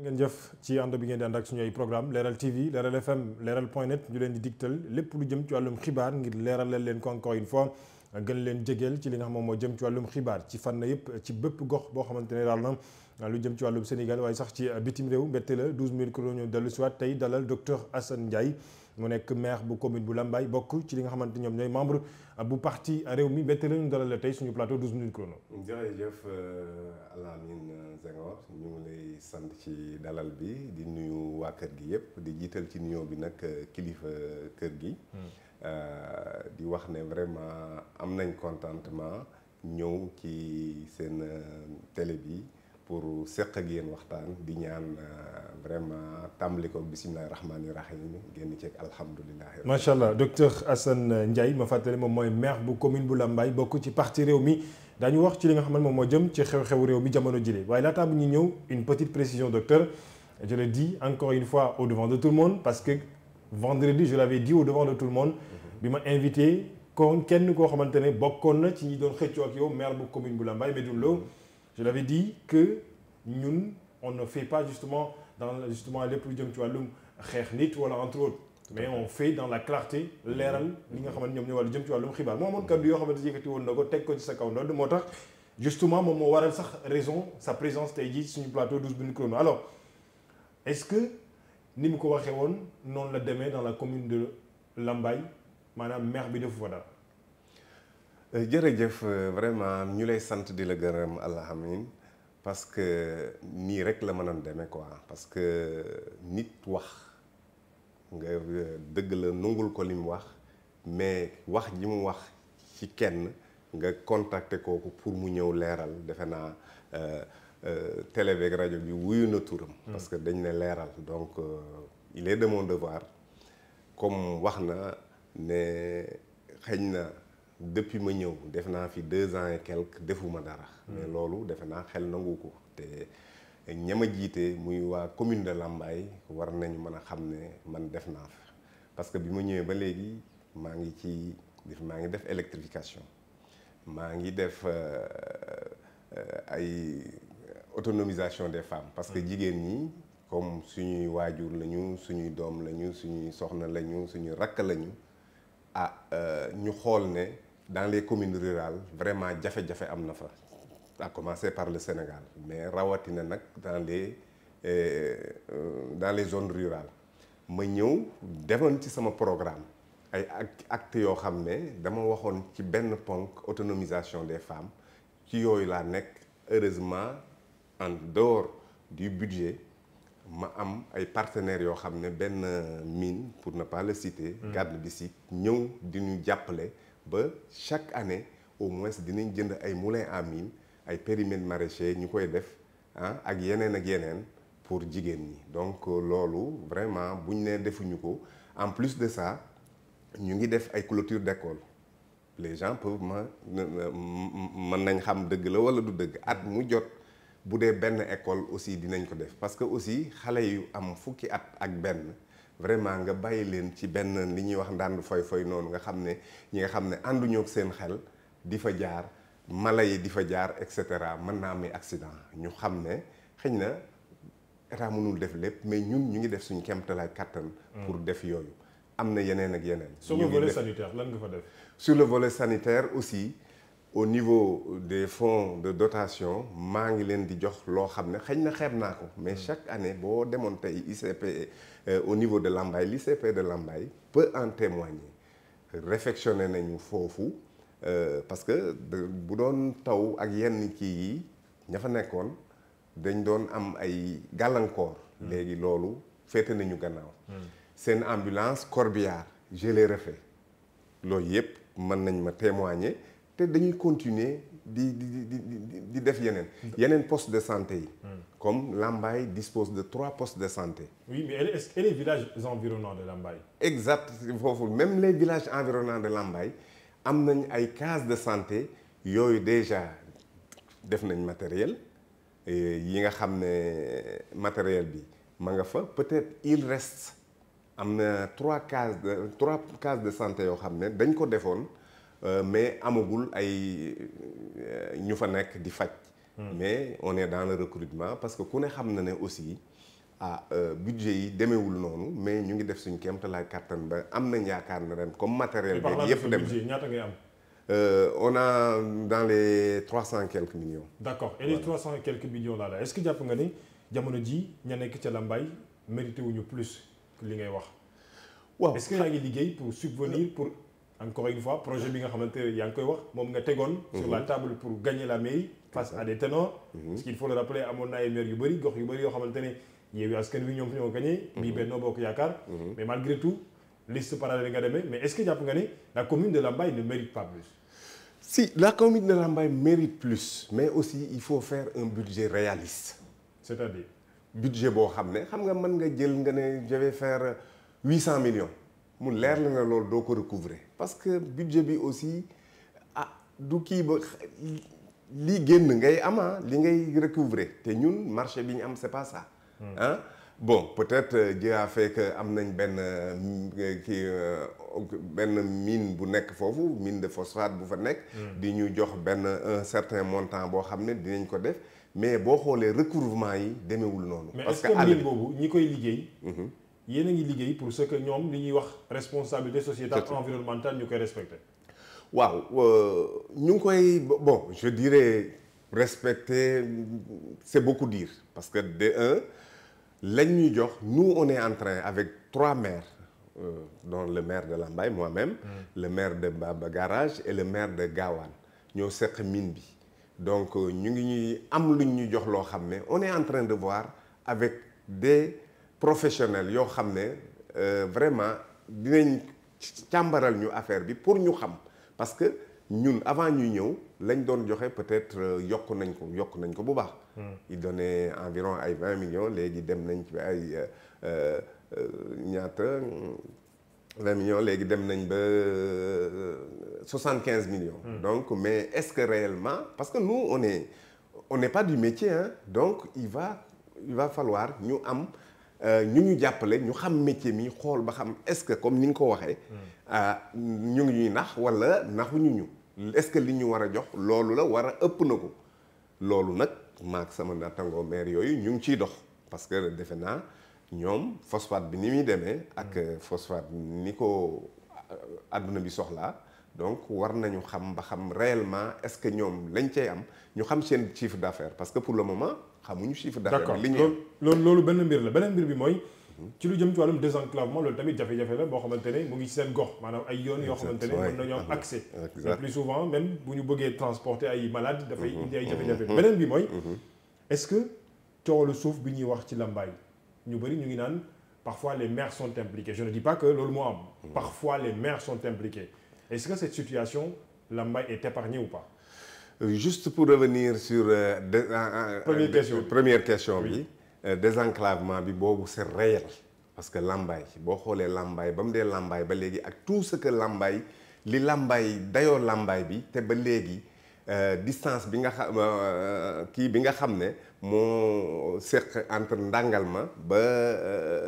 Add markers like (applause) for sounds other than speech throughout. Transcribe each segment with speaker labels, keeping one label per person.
Speaker 1: ngeen jëf ci ànd bi ngeen di ànd ak suñu programme leeral TV leeral FM leeral point net ñu leen di digtal lépp lu jëm ci wàllum xibaar ngir leeral leen ko encore une fois gën leen jegeel ci li nga xam moom moo jëm ci wàllum xibaar ci fànn yëpp ci bëpp gox boo xamante ne daal na lu jëm ci wàllum Sénégal waaye sax ci bitim réew mbette la 12000 kilo ñu dellu siwaat tey dalal docteur Assane Ndiaye mu nekk maire bu commune bu Lambaye bokk ci li nga xamante ñoom ñooy membre bu parti réew mi bett la ñu dalal la tey suñu plateau 12 minutes chrono.
Speaker 2: jëf euh, Alamine Senghor ñu ngi lay sant ci dalal bi di nuyu waa kër gi yëpp di jiital ci nuyoo bi nag euh, kilifa euh, kër gi. Hmm. di wax ne vraiment am nañ contentement ñëw ci seen télé bi. pour seq ak yéen waxtaan di ñaan euh, vraiment tàmbali ko bisimilah rahmaani rahim génn ceeg alhamdulilah.
Speaker 1: macha allah docteur Assane Ndiaye ma fàttali moom mooy maire bu commune bu Lambaye bokk ci parti réew mi daañu wax ci li nga xam ne moom moo jëm ci xew-xew réew mi jamono jile waaye laataa bu ñu ñëw une petite précision docteur je le dis encore une fois au devant de tout le monde parce que vendredi je l'avais dit au devant de tout le monde mhm. bi ma invité kon kenn koo xamante ne bokkoon na ci ñi doon xëccoo ak yow maire bu bu Lambaye Medoune Lo. Mhm. je l'avais dit que ñun on ne fait pas justement dans justement lépp lu jëm ci wàllum xeex nit wala entre autres mais on fait dans la clarté leeral li nga xamante ñoom ñoo wàllu jëm ci wàllum xibaar moo amoon kaddu yoo xamante yëkkati woon na ko teg ko ci sa kaw ndodd moo tax justement moom moo waral sax raison sa présence tey jii suñu plateau 12 minutes chrono alors est-ce que ni mu ko waxee woon noonu la demee dans la commune de Lambaye maanaam maire bi defu fa dara
Speaker 2: Euh, jërëjëf euh, vraiment ñu lay sant di la gërëm alhamdulilah parce que nii rek la mënoon demee ko parce que nit wax nga euh, dëgg la nungul ko li mu wax mais wax ji mu wax ci kenn nga contacter kooku pour mu ñëw leeral defe naa télé beeg rajo bi wuyu na turam. Hmm. parce que dañ ne leeral donc il est de mon devoir comme wax na ne xëñ na. depuis ma ñëw def naa fi deux ans et quelques defuma dara. mais hmm. loolu defe naa xel nangu ko te ñama jiite muy waa commune de Lambaye war nañu mën a xam ne man def naa fa parce que bi ma ñëwee ba léegi maa ngi ci maa ngi def électrification maa ngi def euh, euh, ay autonomisation des femmes parce que hmm. jigéen ñi comme suñuy waajur lañu suñuy doom lañu suñuy soxna lañu suñuy rakk lañu ah euh, ñu xool ne dans les communes rurales vraiment jafe-jafe am na fa a commencer par le Sénégal mais rawatina nag dans les eh, euh, dans les zones rurales ma ñëw defoon ci sama programme ay ak acte yoo xam ne dama waxoon ci benn ponk autonomisation des femmes ci yooyu laa nekk heureusement en dehors du budget ma am ay partenaires yoo xam ne benn euh, mine pour ne pas le citer. Mm. Garden Bissi ñëw di ñu jàppale. ba chaque année au moins dinañ jënd ay moulins à mil ay périmètres maraîchers ñu koy def ah ak yeneen ak yeneen pour jigéen ñi donc euh, loolu vraiment buñ ñu nee defuñu ko en plus de ça ñu ngi def ay clôtures d'école les gens peuvent ma mën nañ xam dëgg la walla du dëgg at mu jot bu dee benn école aussi dinañ ko def parce que aussi xale yu am fukki at ak benn vraiment nga bàyyi leen ci benn li ñuy wax ndànd foy foy noonu nga xam ne ñi nga xam ne ànduñoo ak seen xel di fa jaar mala yi di fa jaar et cetera mën naa am accident ñu xam ne xëñ na état mënul def lépp mais ñun ñu ngi def suñu kéemtalaay kattan. pour mm. def yooyu am na yeneen ak yeneen. sur le volet
Speaker 1: sanitaire lan nga fa def.
Speaker 2: sur le volet sanitaire aussi. au niveau des fonds de dotation maa ngi leen di jox loo xam ne xëy na xeeb naa ko mais mm. chaque année boo demoon tey ICP euh, au niveau de Lambaye l'ICP de Lambaye peut en témoigner réfectionné nañu foofu euh, parce que bu doon taw ak yenn kii yi ña fa nekkoon dañ doon am ay gàllankoor mm. léegi loolu féete nañu gannaaw mm. seen ambulance corbillard je l'ai loolu yëpp mën nañ ma témoigner dañuy continuer di di di di def yeneen. yeneen poste de santé yi. comme Lambaye dispose de trois postes de santé.
Speaker 1: oui mais est-ce que les villages environnants de
Speaker 2: exact foofu même les villages environnants de Lambaye am nañ ay cases de santé yooyu déjà def nañ matériel yi nga xam ne matériel bi ma nga fa peut-être il reste am na trois cases de trois cases de santé yoo xam ne dañ ko defoon. Euh, mais amagul ay euh, ñu fa nekk di faj. Hmm. mais on est dans le recrutement parce que ku ne xam na ne aussi ah euh, budget yi demeewul noonu mais ñu ngi def suñu kéemtalaay kàttan ba am nañ yaakaar ne ren comme matériel. beeg yëpp dem ñaata ngay am. Euh, on a dans les trois cent quelques millions.
Speaker 1: d'accord et les trois cent quelques millions là là est jàpp nga ni jamono ji ña nekk ca Lambaye mérité wuñu plus li ngay wax. waaw est-ce ngi liggéey pour subvenir pour. encore une fois projet bi nga xamante ne yaa ngi koy wax moom nga tegoon. sur la mhm. table pour gagner la mairie. face à des ténors. parce mhm. qu'il faut le amoon na ay yu bëri gox yu bëri yoo xamante ne Yewwi Askan Wi ñoom fi ñoo gagné. Mhm. bii Benno Bokk Yaakaar. mais malgré tout liste parallèle nga demee mais est-ce que nga ne la commune de Lambaye ne mérite pas plus.
Speaker 2: si la commune de Lambaye mérite plus mais aussi il faut fair un budget réaliste. c'est-à-dire. boo xam ne xam nga mën nga jël nga ne je vais faire huit cent mu leer la na loolu doo ko recouvrer parce que budget bi aussi ah du kii ba lii génn ngay ama ah, li ngay recouvrer te ñun marché bi ñu am c'est pas ça hmm. bon peut-être euh, Dieu a fait am nañ benn euh, kii euh, benn miine bu nekk foofu mine de phosphate bu fa nekk hmm. di ñu jox benn un certain montant boo xam ne dinañ ko def mais boo xoolee recouvrement yi demeewul noonu parce que àll boobu ñi
Speaker 1: koy liggéey mhm. yéen a ngi liggéey pour ce que ñoom li ñuy wax responsabilité sociétale environnementale ñu koy respecté
Speaker 2: waaw euh, ñu ngi koy bon je dirais respecter c'est beaucoup dire parce que de un lañ ñu jox nous on est en train avec trois maires euh, dont le maire de Lambaye moi-même mmh. le maire de ba Garage et le maire de Gawane ñoo seq mine bi donc euh, ñu ngi ñuy am luñ ñu jox loo xam ne on est en train de voir avec des professionnel yoo xam ne euh, vraiment dinañ càmbaral ñu affaire bi pour ñu xam parce que ñun avant ñuy ñëw lañ doon joxe peut-être euh, yokk nañ ko yokk nañ ko bu baax. Hmm. il donnait environ ay vingt millions léegi dem nañ ci ay euh, ñaata vingt millions léegi dem nañ ba soixante quinze millions. Hmm. donc mais est-ce que réellement parce que nous on est on n'est pas du métier donc il va il va falloir ñu am. Euh, ñu ñu jàppale ñu xam métier mi xool ba xam est-ce que comme ni nga ko waxee hmm. ah, ñu ngi ñuy nax walla naxuñu ñu est-ce que li ñu war a jox loolu la war a ëpp na ko loolu nag maak sama nattangoo maire yooyu ñu ngi ciy dox parce que defe naa ñoom phosphate bi ni muy demee ak hmm. phosphate ni ko euh, àdduna bi soxlaa donc war nañu xam ba xam réellement est-ce que ñoom lañ cay am ñu xam seen chiffre d'affaires parce que pour le moment
Speaker 1: xamuñu chiffre d'affaires bi li ñu loolu loolu benn mbir la beneen mbir bi mooy ci lu jëm ci wàllum désenclavement loolu tamit jafe-jafe la boo xamante ne mu ngi ci seen gox maanaam ay yoon yoo xamante ne mën nañoo am accès le (laughs) plus souvent même bu ñu bëggee transporter ay malade dafay mm-hmm. indi ay mm-hmm. jafe-jafe mm-hmm. beneen bi mooy est-ce que coolu suuf bi ñuy wax ci Lambaye ñu bëri ñu ngi naan parfois les maires sont impliqués je ne dis pas que loolu moo am parfois les maires sont impliqués est-ce que cette situation Lambaye est épargnée ou pas
Speaker 2: Euh, juste pour revenir sur. Euh, De, euh, première question première question bi. désenclavement bi boobu c'est réel. parce que Lambaye boo xoolee Lambaye ba mu dee Lambaye ba léegi ak tout ce que li Lambaye dayoo Lambaye bi te ba léegi distance bi nga xam kii bi nga xam ne moo seq entre ma ba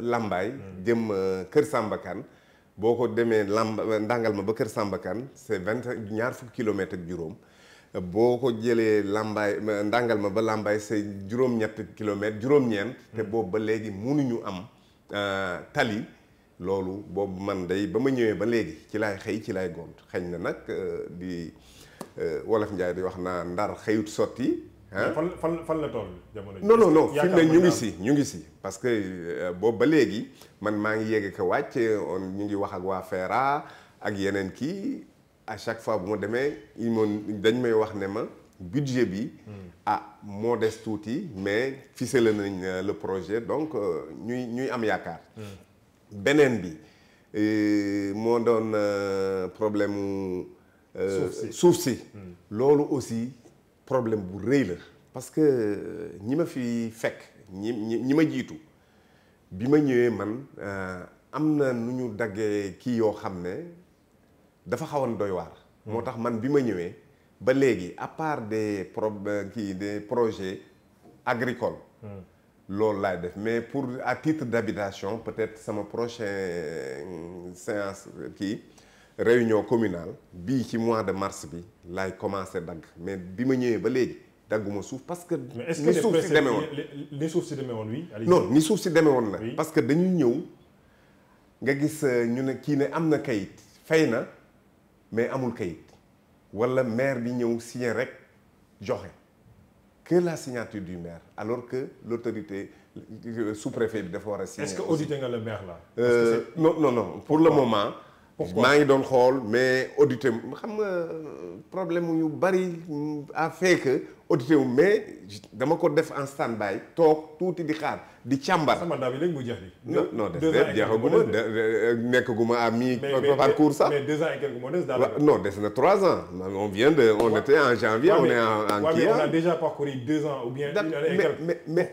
Speaker 2: Lambaye hmm. jëm Kër Sambakan boo ko demee Lamb ma ba Kër Sambakan c'est vingt ñaar fukki kilomètres ak juróom. boo ko jëlee làmbaay ndàngal ma ba làmbaay say juróom-ñett kilomètres juróom-ñeent te hmm. boobu ba léegi mënuñu am euh, tali loolu boobu man day ba ma ñëwee ba léegi ci lay xëy ci laay gont xëy na nag euh, di euh, wolof njaay di wax naa ndar xëyut sotti fan
Speaker 1: fan fan la toll jamono non non non fi mu ne ñu ngi
Speaker 2: si ñu ngi si parce que boobu ba léegi man maa ngi yéeg ko wàcc on ñu ngi wax ak waa FERA ak yeneen kii chaque fois bu ma demee il ma dañ may wax ne ma budget bi hmm. ah moo des tuuti mais ficelé nañ euh, le projet donc euh, ñuy ñuy am yaakaar hmm. beneen bi euh, moo doon problème mu suuf si hmm. loolu aussi problème bu rëy la parce que ñi ma fi fekk ñi ñi ma jiitu bi ma ñëwee man am na nu ñu daggee kii yoo xam ne dafa xawoon doy waar. Hmm. moo tax man bi ma ñëwee ba léegi à part des pro euh, kii des projets agricoles. Hmm. loolu laay def mais pour à titre d'habitation peut-être sama prochain euh, séance euh, kii réunion communal bii ci mois de mars bi laay commencer dagg mais bi ma ñëwee ba léegi dagguma suuf parce que. ni suuf si demee woon
Speaker 1: ni suuf si demee woon oui. non
Speaker 2: ni suuf si demee woon la. parce que dañuy ñëw nga gis ñu ne kii ne am na kayit fay na. mais amul kayit wala maire bi ñëw signé rek joxe que la signature du maire alors que l'autorité sous-préfet bi dafa war a signer. est-ce que audité euh, pour le moment. maa ngi doon xool mais audité xam nga problème yu bari a fait que audité wu mais dama ko def en stand toog tuuti di xaar di càmbar. sama ndaw yi léegi mu jeex nii. non non des na jeexaguma euh, nekkaguma à mi parcours sax. mais
Speaker 1: deux ans et quelques mois
Speaker 2: des na trois ans.
Speaker 1: on vient de on
Speaker 2: était en janvier. on est an en kii on a
Speaker 1: déjà parcouru deux ans ou mais mais
Speaker 2: mais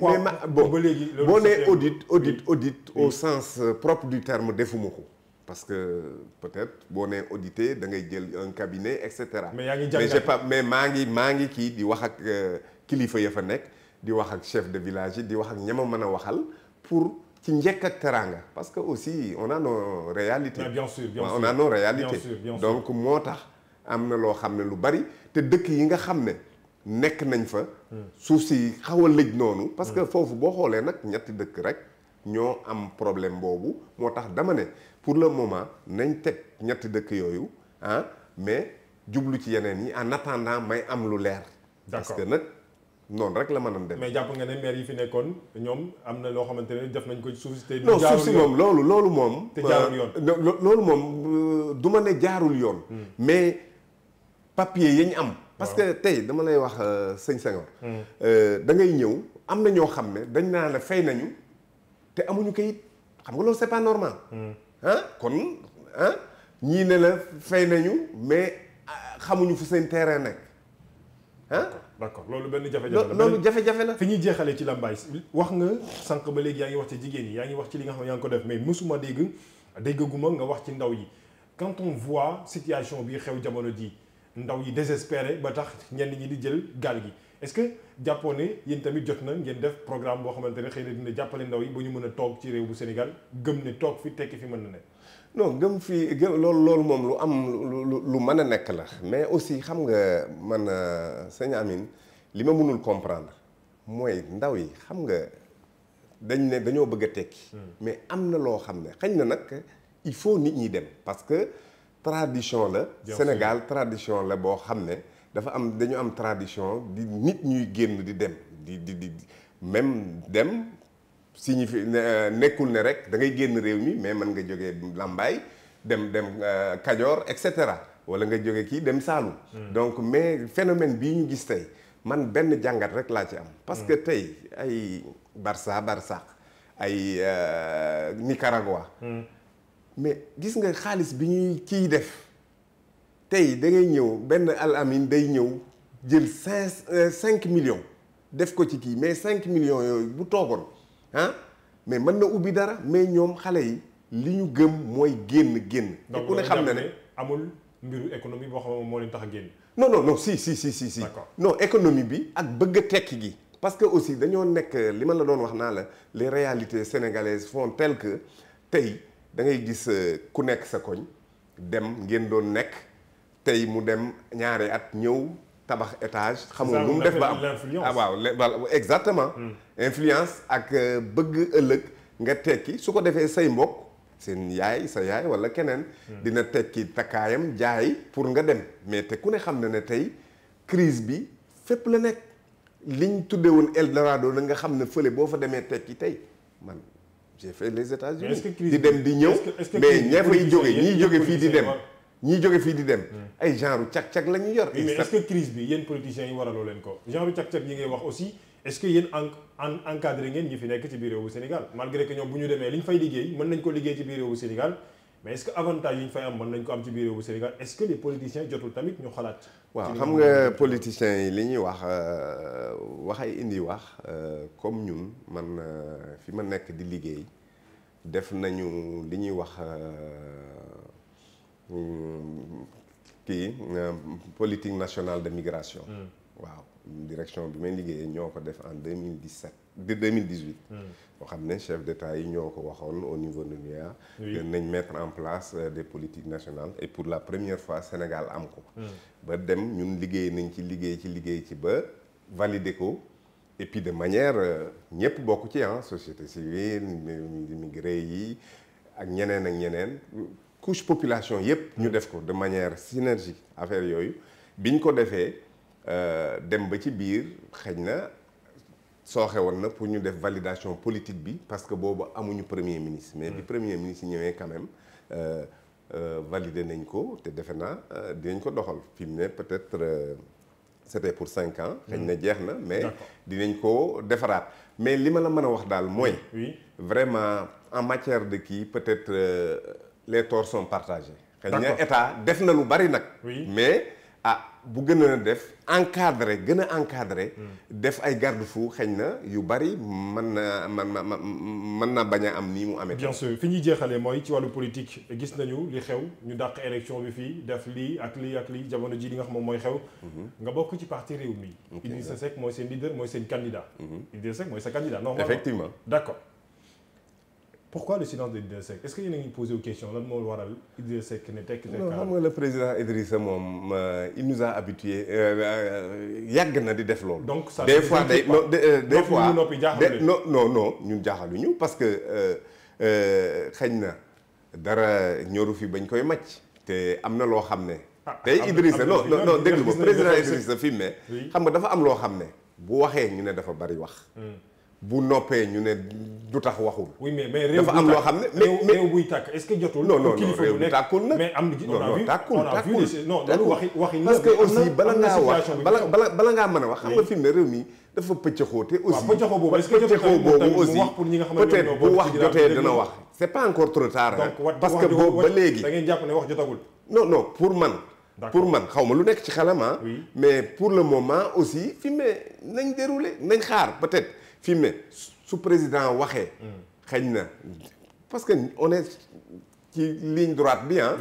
Speaker 2: bon boo nee audit audit audit au sens euh, propre du terme defuma ko. parce que peut-être boo nee audité da ngay jël un cabinet et cetera. mais yaa ngi mais j'ai pas mais maa ngi maa ngi kii di wax ak euh, kilifa ya fa nekk di wax ak chef de village yi di wax ak ñama mën a waxal pour ci njëkk ak teraanga parce que aussi on a nos réalités. bien sûr bien sûr on a nos réalités. bien sûr bien sûr donc moo tax am na loo xam ne lu bari te dëkk yi nga xam ne. nekk nañ fa. Hmm. suuf si xaw lëj noonu. parce que hmm. foofu boo xoolee nag ñetti dëkk rek. ñoo am problème boobu moo tax dama ne pour le moment nañ teg ñetti dëkk yooyu ah mais jublu ci yeneen yi en attendant may am lu leer. parce nag noonu rek la mën a dem. mais
Speaker 1: jàpp nga ne maire yi fi nekkoon ñoom am na loo xamante ne def nañ ko suuf si. te non si moom loolu
Speaker 2: loolu moom. te jaarul yoon euh, loolu moom euh, du ne jaarul yoon. Hmm. mais papier yañ am. parce que tey dama lay wax euh, sëñ Senghor. Hmm. da ñëw am na ñoo xam ne dañ naa ne fay nañu. te amuñu kayit xam nga loolu c'est pas normal. ah kon ñii ne la fay nañu mais ah, xamuñu fu seen terrain nekk
Speaker 1: ah. d'accord loolu benn jafe-jafe la loolu jafe-jafe fi ñu jeexalee ci làmbaay wax nga sànq ba léegi yaa ngi wax ci jigéen yaa ngi wax ci li nga xam ne yaa ngi ko def mais mësuma dégg déggaguma nga wax ci ndaw yi quand on situation bi xew jamono ji ndaw yi désespéré ba tax ñenn ñi di jël gaal gi. est-ce que jàppoo ne yéen tamit jot na ngeen def programme boo xamante ne xëy na dina jàppale ndaw yi ba ñu mën a toog ci réew bu Sénégal gëm ne toog fi tekki fi mën na ne.
Speaker 2: non gëm fii gëm loolu loolu moom lu am lu lu mën a nekk la mais aussi xam nga man euh, sëñ Amine li ma mënul comprendre mooy ndaw yi xam nga dañ ne dañoo bëgg a tekki. Hmm. mais am na loo xam ne xëy na nag il faut nit ñi dem parce que tradition la. Sénégal tradition la boo xam ne. dafa am dañu am tradition di nit ñuy génn di dem di di di même dem signifie nekkul ne rek da ngay génn réew mi mais mën nga jógee Lambaay dem dem euh, Kajoor et cetera wala nga jóge kii dem Saalum. Hmm. donc mais phénomène bii ñu gis tey man benn jàngat rek laa ci am. parce que hmm. tey ay Barça Barsaq ay euh, Nicaragua. Hmm. mais gis nga xaalis bi ñuy kii def. tey da ngay ñëw benn al amin day ñëw jël cinq euh, cinq millions def ko ci kii mais cinq millions yooyu bu toogoon ah, mais mën na ubbi dara mais ñoom xale yi li ñu gëm mooy génn génn. te ku ne xam na ne
Speaker 1: amul mbiru économie boo moo leen tax a génn.
Speaker 2: non non non si si si si si. non économie bi ak bëgg tekki gi. parce que aussi dañoo nekk li ma la doon wax naa la les réalité sénégalaises font telles que tey da ngay gis euh, ku nekk sa koñ dem ngeen doon nekk. tey mu dem ñaari at ñëw tabax étage xamul lu mu def ba am ah waaw voilà exactement hmm. influence ak euh, bëgg ëllëg nga tekki su ko defee say mbokk seen yaay sa yaay walla keneen hmm. dina tekki takkaayam jaay pour nga dem mais te ku ne xam ne ne tey crise bi fépp la nekk liñ tuddee woon Eldorado la nga xam ne fële boo fa demee tekki tey man j'ai fait les États-Unis di dem di ñëw mais ña fay jóge ñii jóge fii di dem
Speaker 1: ñiy jóge fii di dem. Hmm. ay genre càq-càq la ñu yor. mais est-ce que crise bi yéen politiciens yi waraloo leen ko genre càq-càq yi ngay wax aussi est-ce que yéen en encadré ngeen ñi fi nekk ci biir réewu Sénégal malgré que ñoom bu ñu demee li ñu fay liggéey mën nañ ko liggéey ci biir réewu Sénégal mais est-ce que avantage yi ñu fay am mën nañ ko am ci biir réewu Sénégal est-ce que les politiciens jotul tamit ñu xalaat. waaw xam nga
Speaker 2: politiciens yi li ñuy wax euh, wax ay indi wax euh, comme ñun man euh, fi ma nekk di liggéey nañu li ñuy wax. Euh, kii euh, politique national de migration. Hmm. waaw direction bi may liggéeyee ñoo ko def en 2017 de 2018. boo hmm. xam ne chef d'état yi ñoo ko waxoon au niveau de l'UA. nañ mettre en place euh, des politiques nationales et pour la première fois Sénégal am ko. Hmm. ba dem ñun liggéey nañ ci liggéey ci liggéey ci ba valider ko. et puis de manière ñëpp bokk ci en société civile immigré yi ak ñeneen ak ñeneen. couche population yëpp ñu def ko de manière synergique affaire yooyu bi ko defee euh, dem ba ci biir xëy na sooxe woon na pour ñu def validation politique bi parce que boobu amuñu premier ministre mais bi mm. premier ministre ñëwee quand même euh, euh, nañ ko te defe naa euh, dinañ ko doxal fi mu ne peut-être euh, c'était pour cinq ans mm. xëy na jeex na mais dinañ ko defaraat mais li ma la mën a wax daal mooy vraiment en matière de kii peut-être euh, les torts sont partagés. xëy na état def na lu bari nag. mais ah bu gën a def encadré gën a encadré. Hmm. def ay garde-fou xëy na yu bari mën na mën na mën na bañ a am nii mu amee. bien sûr
Speaker 1: fi ñuy jeexalee mooy ci wàllu politique gis nañu li xew ñu dàq élection bi fii def lii ak lii ak lii jamono ji li nga xam moom mooy xew. Mhm. nga bokk ci parti Rewmi. Idrissa Seck mooy seen leader mooy seen candidat. Mhm. Idrissa Seck mooy sa candidat non. effectivement d'accord. pourquoi le silence de Idrissa Seck est-ce que yéen a ngi posé wu question lan moo waral ne tekk non
Speaker 2: xam nga le président Idrissa moom euh, il nous euh, euh, yàgg na di def loolu. donc des fois day non des fois non non non ñun jaaxaluñu parce que xëy na dara ñoru fi bañ koy màcc. te am na loo xam ne. Ah, tey Idrissa non non déglu ma président Idrissa fi mais xam nga dafa am loo xam ne bu waxee ñu ne dafa bari wax. Hmm. bu noppee ñu ne du tax waxul. oui mais mais dafa am loo xam ne. mais réew buy tàkk est-ce que jotul. non non
Speaker 1: non tàkkul a a parce que aussi bala ngaa wax bala
Speaker 2: bala bala ngaa mën a wax xam nga fi mu ne réew mi dafa pëccëxoo te aussi pëccëxoo boobu aussi peut bu wax jotee dana wax. c'est pas encore trop tard parce que boobu ba léegi. da
Speaker 1: ngeen
Speaker 2: pour man. pour man xaw ma lu nekk ci xelam mais pour le moment aussi fi mu ne nañ dérouler nañ xaar peut-être fii su président waxee. xëñ na parce que on ci ligne droite bi ah.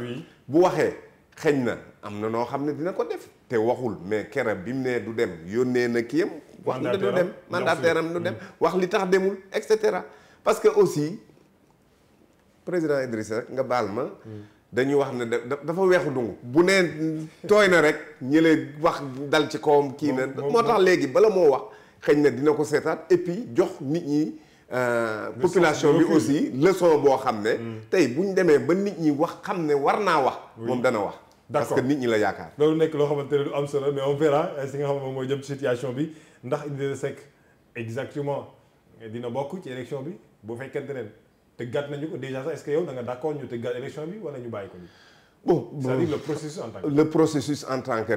Speaker 2: bu waxee xëñ na am na noo xam ne dina ko def. te waxul mais kera bi mu nee du dem yónnee na kii am. wax na du dem mandataire am du dem mm. wax li tax demul et cetera. parce que aussi président Idrissa rek nga baal ma. Mm. dañuy wax ne dafa weexu dungu bu nee tooy na rek ñi lay wax dal ci kawam. kii na moo tax léegi bala moo wax. xëy na dina ko seetaat et puis jox nit ñi. Euh, population bi aussi leçon boo xam ne. Mm. tey bu ñu demee ba nit ñi wax xam ne war naa wax. moom dana wax. d'accord parce que nit ñi la yaakaar.
Speaker 1: loolu nekk loo xamante ne lu am solo mais on verra euh, si nga xam ne mooy jëm situation bi ndax Idrissa Seck exactement dina bokk ci élection bi bu fekkente ne tëggat nañu ko déjà sax est-ce yow da nga d'accord ñu tëggat élection bi wala ñu bàyyi ko nii. bon c'est-à-dire le
Speaker 2: processus en tant que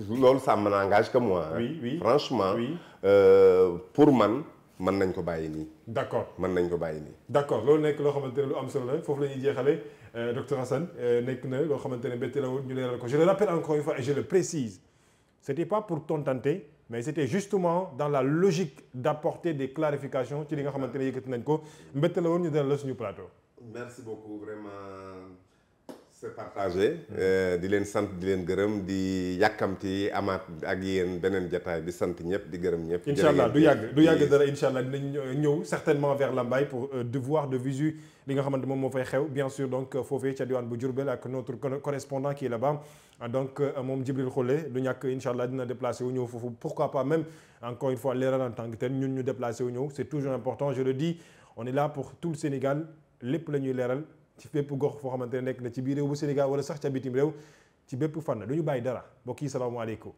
Speaker 2: loolu ça m'engage que moi. oui oui franchement. Oui. Euh, pour man mën nañ ko bàyyi nii.
Speaker 1: d' accord mën nañ ko bàyyi nii. d' loolu nekk loo xamante ne lu am solo la foofu la ñuy jeexale euh, docteur Assane euh, nekk na loo xamante ne bett la woon ñu leeral ko je le rappelle encore une fois et je le précise c' pas pour tontanter mais c' justement dans la logique d' apporter des ci li nga xamante ne nañ ko mbett la woon ñu dalal la ñu plateau.
Speaker 2: merci beaucoup c'est partagé mm-hmm. euh, di leen sant di leen gërëm di yàkkamti amaat ak yéen beneen jataay di sant ñëpp di gërëm ñëpp. incha allah du yàgg du yàgg
Speaker 1: dara incha allah dinañ ñëw certainement vers Lambaye pour euh, devoir de visu li nga xamante moom moo fay xew bien sûr donc euh, foofee ca diwaan bu Diourbel ak notre correspondant qui est là-bas donc moom Djibril Khoule du ñàkk incha dina déplacé wu ñëw foofu pourquoi pas même encore une fois leeral en que tel ñun ñu déplacé wu ñëw c'est toujours important lépp la ñuy leeral. ci bépp gox foo xamante ne nekk na ci biir réew bu Sénégal wala sax ca bitim réew ci bépp fànn du ñu bàyyi dara mbokk yi salaamaaleykum